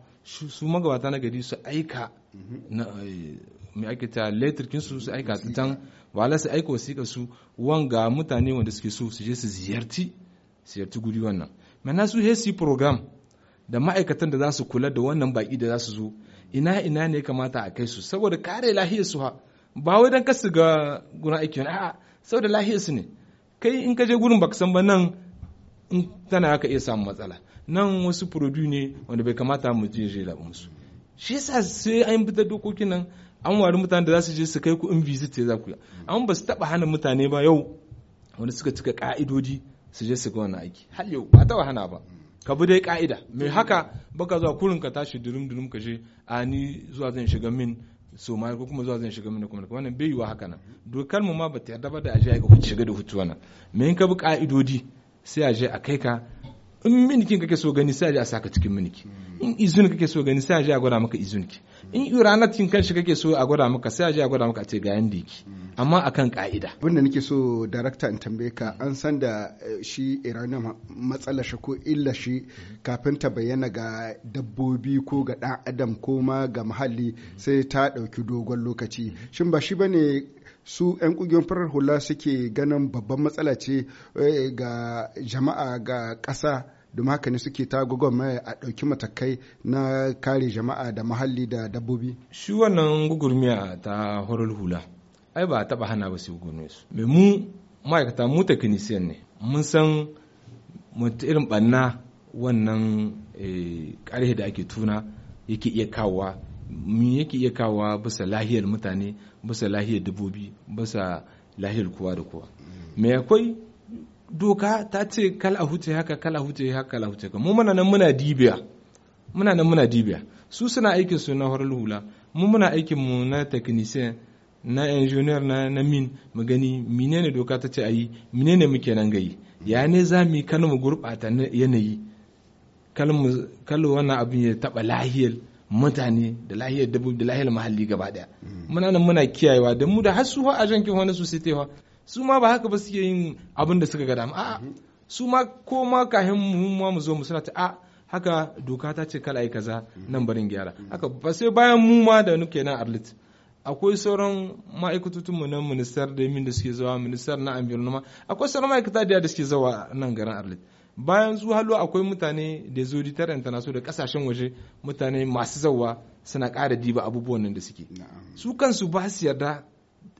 su magabata na gari su aika mm-hmm. eh, mai ake ta letirkin su su aika tan wala su aika wasiƙa su ga mutane wanda suke so su je su ziyarci ziyarci guri wannan mana su hesi program da ma'aikatan da za su kula da wannan baki da za su zo ina ina ne kamata a kai su saboda kare lafiyar su ha ba wai dan kasu ga guna aiki ne a'a saboda lafiyar su ne kai in ka je gurin baka san ba nan in tana ka iya samu matsala nan wasu furodu ne wanda bai kamata mu je je musu shi yasa sai an fitar dokokin nan an wari mutane da za su je su kai ku in visit za ku yi an ba su taba hana mutane ba yau wani suka cika ka'idoji su je su ga wani aiki har yau ba taba hana ba ka bi dai ka'ida mai haka baka zuwa kurin ka tashi durum durum ka je a ni zuwa zan shiga min so ma ko kuma zuwa zan shiga min kuma wannan bai yiwa haka nan dokar mu ma ba ta yarda ba da aje ga shiga da hutu wannan me in ka bi ka'idodi sai a je a kai ka in minikin kake so gani sai a saka cikin miniki in izun kake so gani sai a gwada maka izini in uranatin kanshi kake so a gwada maka sai a gwada maka a ce ga yanda yake amma akan ka'ida abin da nake so darakta in tambaye ka an san da eh, shi iranian matsala shi ko illa shi kafin ta bayyana ga dabbobi ko ga dan adam ko ma ga muhalli sai ta dauki dogon lokaci shin ba shi bane su 'yan kungiyoyin farar hula suke ganin babban matsala ce eh, ga jama'a ga ƙasa domin haka ne suke ta gwagwarmaya a ɗauki matakai na kare jama'a da muhalli da dabbobi. Shi wannan gugurmiya ta horar hula, ai ba taɓa hana ba su su. Me mu ma'aikata mu technician ne, mun san irin banna wannan eh, ƙarhe da ake tuna yake iya kawowa mun yake iya kawowa bisa lahiyar mutane bisa lahiyar dabbobi bisa lahiyar kowa da kowa me akwai doka ta ce kal a huce haka kal a huce haka a huce haka mu muna nan muna dibiya muna nan muna dibiya su suna aikin su na horar hula mu muna aikin mu na technician na engineer na na min mu gani menene doka ta ce ayi menene muke nan gayi ya ne za mu kan mu gurbata yanayi kalmu kalu wannan abin ya taba lahiyar mutane da lahiyar dabbobi da lahiyar muhalli gaba daya muna nan muna kiyayewa da mu da har su a jankin wani su sai su ma ba haka ba suke yin abin da suka ga dama a'a su ma ko ma kahin mu ma mu zo mu suna ta a haka doka ta ce kala ai kaza nan barin gyara haka ba sai bayan mu ma da nuke nan arlit akwai sauran mu na ministar da yamin da suke zawa ministar na environment akwai sauran ma'aikata da suke zawa nan garin arlit bayan su halo akwai mutane da zoditar nasu da kasashen waje mutane masu zauwa suna kara diba abubuwan nan da suke su kansu ba su yarda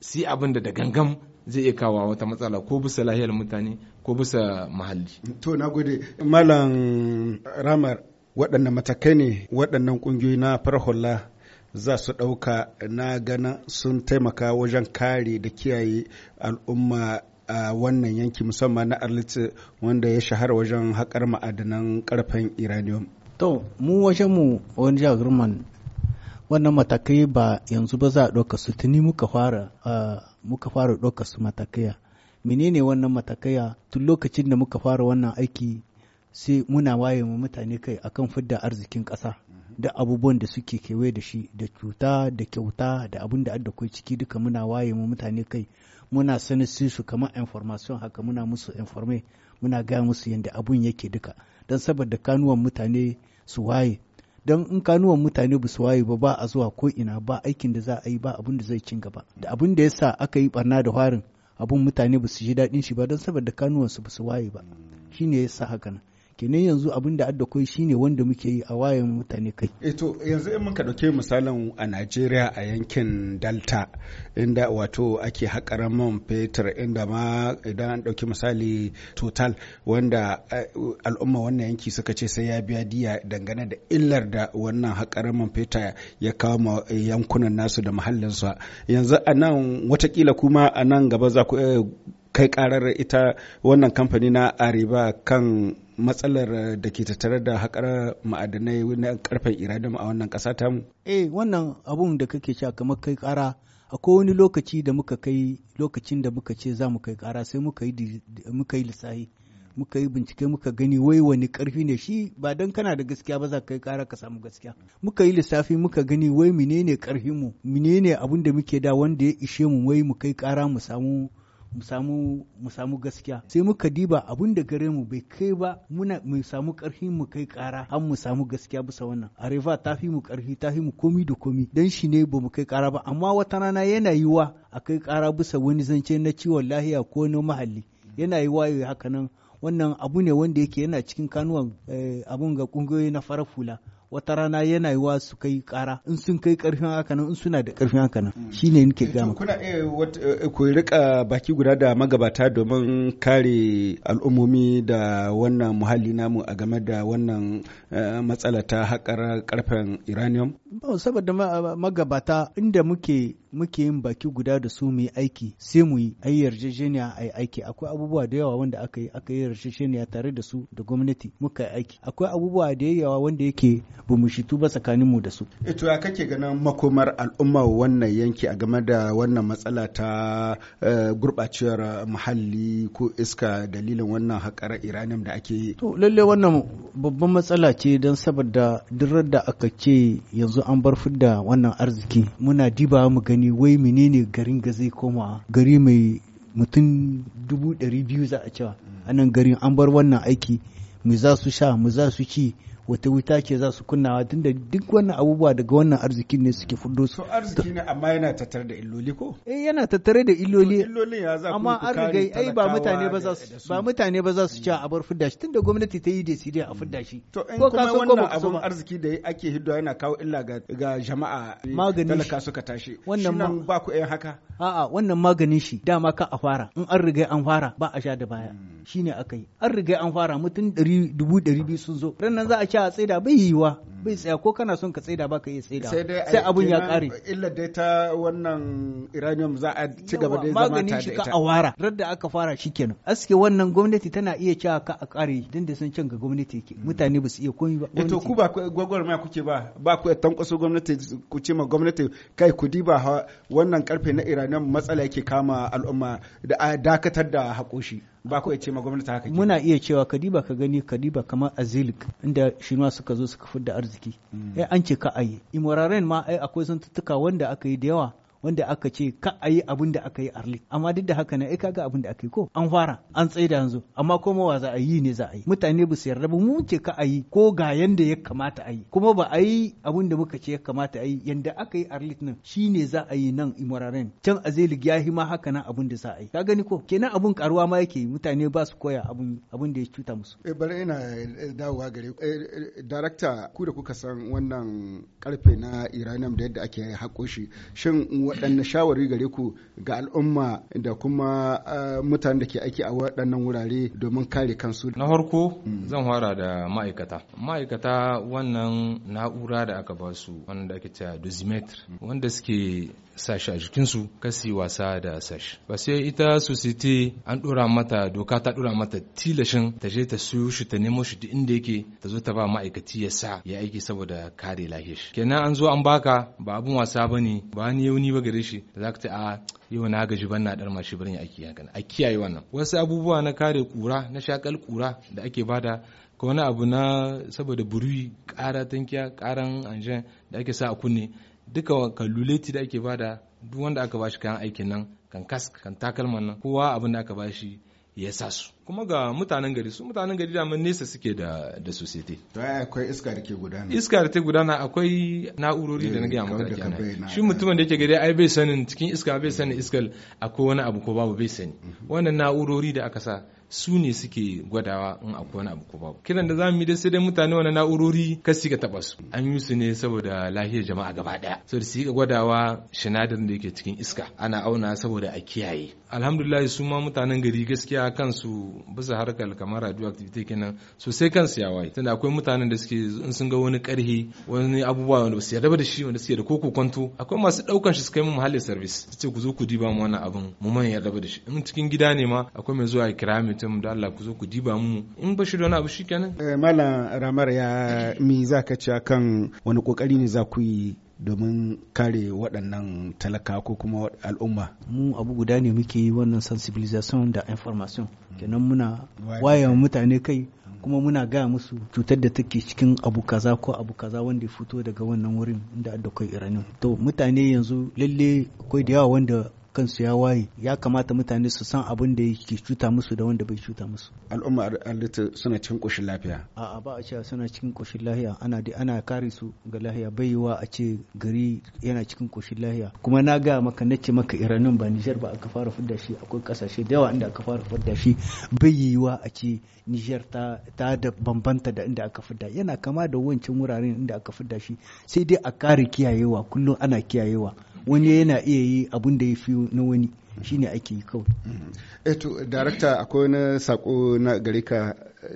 su yi abin da da gangan zai iya kawo wata matsala ko bisa lahiyar mutane ko bisa mahalli to na gode malam ramar waɗannan matakai ne waɗannan ƙungiyoyi na farhola za su ɗauka na gana sun taimaka wajen kare da kiyaye al'umma a wannan yanki musamman na arlit wanda ya shahara wajen haƙar ma'adanan karfen iranium to mu wajen mu wani jagirman wannan matakai ba yanzu ba za a ɗauka su tuni muka fara ɗauka su matakaya menene wannan matakaya tun lokacin da muka fara wannan aiki sai muna waye mu mutane kai akan fidda arzikin ƙasa da abubuwan da suke kewaye da shi da cuta da kyauta da abin da adda ciki duka muna waye mu mutane kai muna sanar su kamar information haka muna musu informe muna gaya musu yadda abun yake duka don saboda kanuwan mutane su waye don in kanuwan mutane ba su waye ba ba a zuwa ko ina ba aikin da za a yi ba abun da zai cin gaba da abun da yasa aka yi barna da warin abun mutane ba su ji daɗin shi ba don saboda kanuwan su ba su waye ba shine yasa haka nan kenan yanzu abin da adda koi shine wanda muke yi a wayan mutane kai eh yanzu in muka dauke misalin a Najeriya a yankin Delta inda wato ake hakaran man fetur inda ma idan an dauki misali total wanda eh, al'umma wannan yanki suka ce sai ya biya diya dangane da illar da wannan hakaran man fetur ya kawo ma yankunan nasu da muhallinsu yanzu a nan watakila kuma a nan gaba za ku eh, kai karar ita wannan kamfani na Ariba kan matsalar eh, da ke tattare da haƙar ma'adanai na karfen iradam a wannan ƙasa mu? Eh wannan abun da kake sha kamar kai ƙara akwai wani lokaci da muka kai lokacin da muka ce za mu kai ƙara sai muka yi muka lissahi muka yi bincike muka gani wai wani ƙarfi ne shi ba don kana da gaskiya ba za ka kai ƙara ka samu gaskiya muka yi lissafi muka gani wai menene ƙarfin mu menene abun da muke da wanda ya ishe mu wai mu kai ƙara mu samu mu samu gaskiya sai muka diba abun da gare mu bai kai ba muna mu samu karfi mu kai kara har mu samu gaskiya bisa wannan areva ta fi mu karfi ta fi mu komi da komi dan shi ne ba mu kai kara ba amma wata rana yana yiwa a kai kara bisa wani zance na ciwon lahiya ko na mahalli yana yiwa haka nan wannan abu ne wanda yake yana cikin kanuwan eh, abun ga kungiyoyi na farar hula wata rana yana yiwa su kai kara in sun kai karfin haka nan in suna da karfin haka nan mm. shine nake ga maka kuna iya eh, ku rika baki guda da magabata domin kare al'ummomi da wannan muhalli namu a game da wannan eh, matsala ta hakar karfen uranium ba saboda magabata inda muke muke yin baki guda da su mu yi aiki sai mu yi ai yarjejeniya a yi aiki akwai abubuwa da yawa wanda aka yi aka yi yarjejeniya tare da su da gwamnati muka yi aiki akwai abubuwa da yawa wanda yake ba mu shitu ba tsakanin mu da su eh, to ya kake ganin makomar al'umma wannan yanki a game da wannan matsala ta eh, gurbacewar muhalli ko iska dalilin wannan haƙar iranium da ake yi to lalle wannan babban matsala ce don saboda durar da aka ce yanzu an bar fidda wannan arziki muna diba mu gani wai menene garin ga zai koma gari mai mutum dubu ɗari biyu za a cewa mm. a nan garin an bar wannan aiki mu za su sha mu za su ci wata wuta ce za su kunnawa tunda duk wannan abubuwa daga wannan arzikin ne suke fudo su arziki ne amma yana tattare da illoli ko eh yana tattare da illoli illolin ya za amma an riga ai ba mutane ba za su ba mutane ba za su ci a bar fudda shi tunda gwamnati ta yi da siriya a fudda shi to in kuma wannan abun arziki da ake hiddo yana kawo illa ga ga jama'a magani talaka suka tashi wannan ba ku ɗayan haka a'a wannan maganin shi dama ka a fara in an riga an fara ba a sha da baya hmm. shine aka yi an riga an fara mutum 200 sun zo ran nan za a ce a tsaida bai yiwa bai tsaya ko kana son ka tsaida ba ka iya tsaida sai abun ya kare illa dai ta wannan iranium za a ci gaba da zama ta da ita awara radda aka fara shikenan aske wannan gwamnati tana iya cewa ka a kare din da sun ga gwamnati ke mm. mutane ba su iya komai ba to ku ba gwagwarmaya kuke ba ba ku tankwaso gwamnati ku ce ma gwamnati kai ku diba wannan karfe na iranium matsala yake kama al'umma da dakatar da haƙoshi ba ya ce ma gwamnati haka muna iya cewa kadiba ka gani kadiba kamar azilik inda shinuwa suka zo suka fidda arziki ai mm. eh, an ce ka ayi imoraren ma ai eh, akwai zantuttuka wanda aka yi da yawa wanda aka ce ka a yi abin da aka yi arli amma duk da haka na ai kaga abin da aka yi ko an fara an da yanzu amma komawa wa za a yi ne za a yi mutane ba su yarda ba mu ce ka a yi ko ga yanda ya kamata a yi kuma ba a yi abin da muka ce ya kamata a yi yanda aka yi arlit nan shine za a yi nan imoraren can azelik ya ma haka nan abin da za a yi ka gani ko kenan abin karuwa ma yake mutane ba su koya abin abin da ya cuta musu eh bari ina eh, dawowa gare ku eh, eh, director ku da kuka san wannan karfe na iranium da yadda ake haƙo shi shin waɗanne shawari gare ku ga al'umma da kuma eh, mutanen da ke aiki a waɗannan wurare domin kare kansu na harko. Mm. zan fara da ma'aikata ma'aikata wannan na'ura da aka ba su wanda ake cewa dosimeter mm. wanda suke sashi a jikinsu kasi wasa da sashi ba sai ita society an dora mata doka ta dora mata tilashin ta je ta siyo shi ta nemo shi duk inda yake ta zo ta ba ma'aikaci ya sa ya aiki saboda kare lafiyar shi kenan an zo an baka ba abun wasa ba ne. ba ni yau ni ba gare shi da ka ta a ah, yau na gaji ban na dar mashi ya aiki ya a kiyaye wannan wasu abubuwa na kare kura na shakal kura da ake bada ko wani abu na saboda buri ƙara tankiya ƙaran anjan da ake sa a kunne duka kaluleti da ake bada duk wanda aka bashi kayan aikin nan kan kask kan takalman nan kowa abin da aka bashi ya sa su kuma ga mutanen gari su mutanen gari mun nesa suke da da society to akwai iska da ke gudana iska da ta gudana akwai na'urori da na gaya maka ake eh, shi mutumin da yake gari ai bai sanin cikin iska bai sanin akwai wani abu ko babu bai sani mhm. wannan na'urori da aka sa su ne suke gwadawa in akwai wani abu ko babu kiran da zamu yi dai sai dai mutane wani na'urori ka si ka taba su an yi su ne saboda lahiyar jama'a gaba daya so da su yi gwadawa sinadarin da yake cikin iska ana auna saboda a kiyaye alhamdulillah su ma mutanen gari gaskiya kansu bisa harkar kamar radioactivity kenan sosai kansu ya waye tunda akwai mutanen da suke in sun ga wani karhi wani abubuwa wanda ba su yarda da shi wanda suke da koko kwanto akwai masu daukan shi su kai mu muhallin service su ce ku zo ku diba mu wannan abun mu man yarda da shi in cikin gida ne ma akwai mai zuwa kira mutum da Allah ku zo ku diba mu in ba shi da wani abu shikenan eh, malam ramar ya mi zaka ci akan wani kokari ne za ku yi domin kare waɗannan talaka ko kuma al'umma mu abu guda ne muke yi wannan sensibilisation da information hmm. kenan muna wayewa mutane kai hmm. kuma muna gaya musu cutar da take cikin abu kaza ko abu kaza wanda ya fito daga wannan wurin inda da kai iranin to mutane yanzu lalle akwai da yawa wanda kansu ya waye ya kamata mutane su san abin da yake cuta musu da wanda bai cuta musu al'umma alita suna cikin koshin lafiya a'a ba a cewa suna cikin koshin lafiya ana da ana kare su ga lafiya bai yiwa a ce gari yana cikin koshin lafiya kuma na ga maka nace maka iranin ba Niger ba aka fara fudda shi akwai kasashe da yawa inda aka fara fudda shi bai yiwa a ce Niger ta ta da bambanta da inda aka fudda yana kama da wancan wuraren inda aka fudda shi sai dai a kare kiyayewa kullum ana kiyayewa wani yana iya yi abun da ya fi na wani shine ake yi kawai eto eh darakta akwai wani sako na gare ka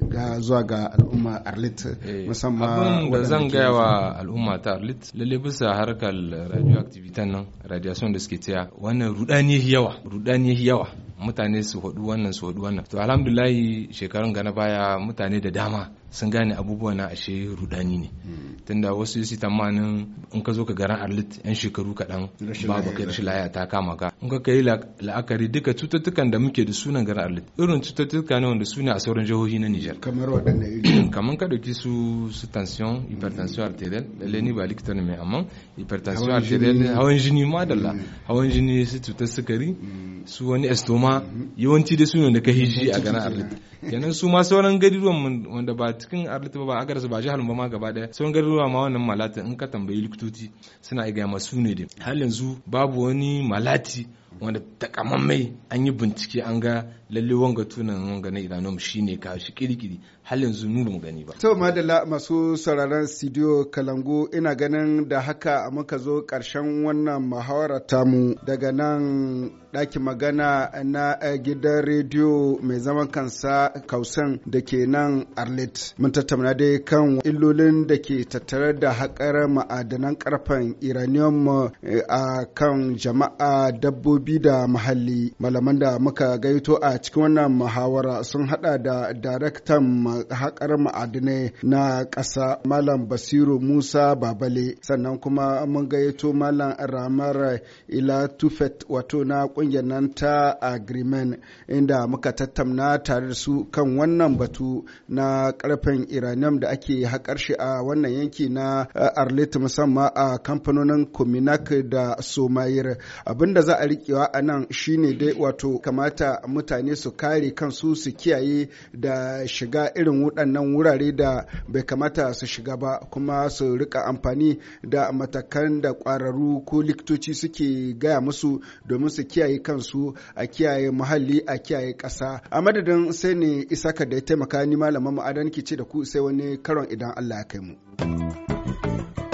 ga zuwa ga al'umma arlit eh, musamman abin zan gaya wa al'umma ta arlit lalle bisa harkar radioactivity nan radiation da suke taya wannan rudani yawa rudani yawa mutane su hudu wannan su hudu wannan to alhamdulahi shekarun gana baya mutane da dama sun gane abubuwa na ashe rudani ne hmm. tunda wasu su tamanin in ka zo ka garan arlit yan shekaru kaɗan ba kai rashin laya ta kama ka in ka kai la'akari duka cututtukan da muke da sunan garan arlit irin cututtuka ne wanda suna a sauran jihohi na Nijar kamar waɗanne iri kamar ka dauki su su tension hypertension arterial lalle ni ba likita ne mai amma hypertension arterial hawan jini madalla hmm. hawan jini su cutar sukari hmm. su wani estoma yawanci dai sune da ka hiji a ganin arlit kenan su ma sauran garuruwan wanda ba cikin arlit ba a garasa ba jihar ba ma gaba daya sauran garuruwa ma wannan malata in ka tambayi likitoci suna iya ma su ne dai har yanzu babu wani malati wanda takamammai an yi bincike an ga lalle wanga tunan wanga na idanu mu ne ka shi kirkiri halin yanzu mu gani ba to madalla masu sauraron studio kalangu ina ganin da haka muka zo karshen wannan muhawara tamu daga nan ɗakin magana na eh, gidan rediyo mai zaman kansa kausan da ke nan arlet mun tattauna dai kan illolin da ke tattare da haƙar ma'adanan ƙarfen iranium eh, a kan jama'a dabbobi da muhalli malaman da muka gaito a cikin wannan muhawara sun hada da daraktan haƙar ma'adinai na ƙasa Malam Basiru Musa Babale sannan kuma mun gayyato Malam Ramar Ila Tufet wato na ƙungiyar nan ta Agreement inda muka tattauna tare da su kan wannan batu na ƙarfin Iranium da ake haƙar shi a wannan yanki na Arlit musamman a kamfanonin Kominak da Somayir abinda za a riƙewa a nan shine dai wato kamata mutane mutane su kare kansu su kiyaye da shiga irin waɗannan wurare da bai kamata su shiga ba kuma su rika amfani da matakan da ƙwararru ko likitoci suke gaya musu domin su kiyaye kansu a kiyaye muhalli a kiyaye ƙasa a madadin sai ne isaka da ya taimaka ni malaman ma'adan ke ce da ku sai wani karon idan allah ya kai mu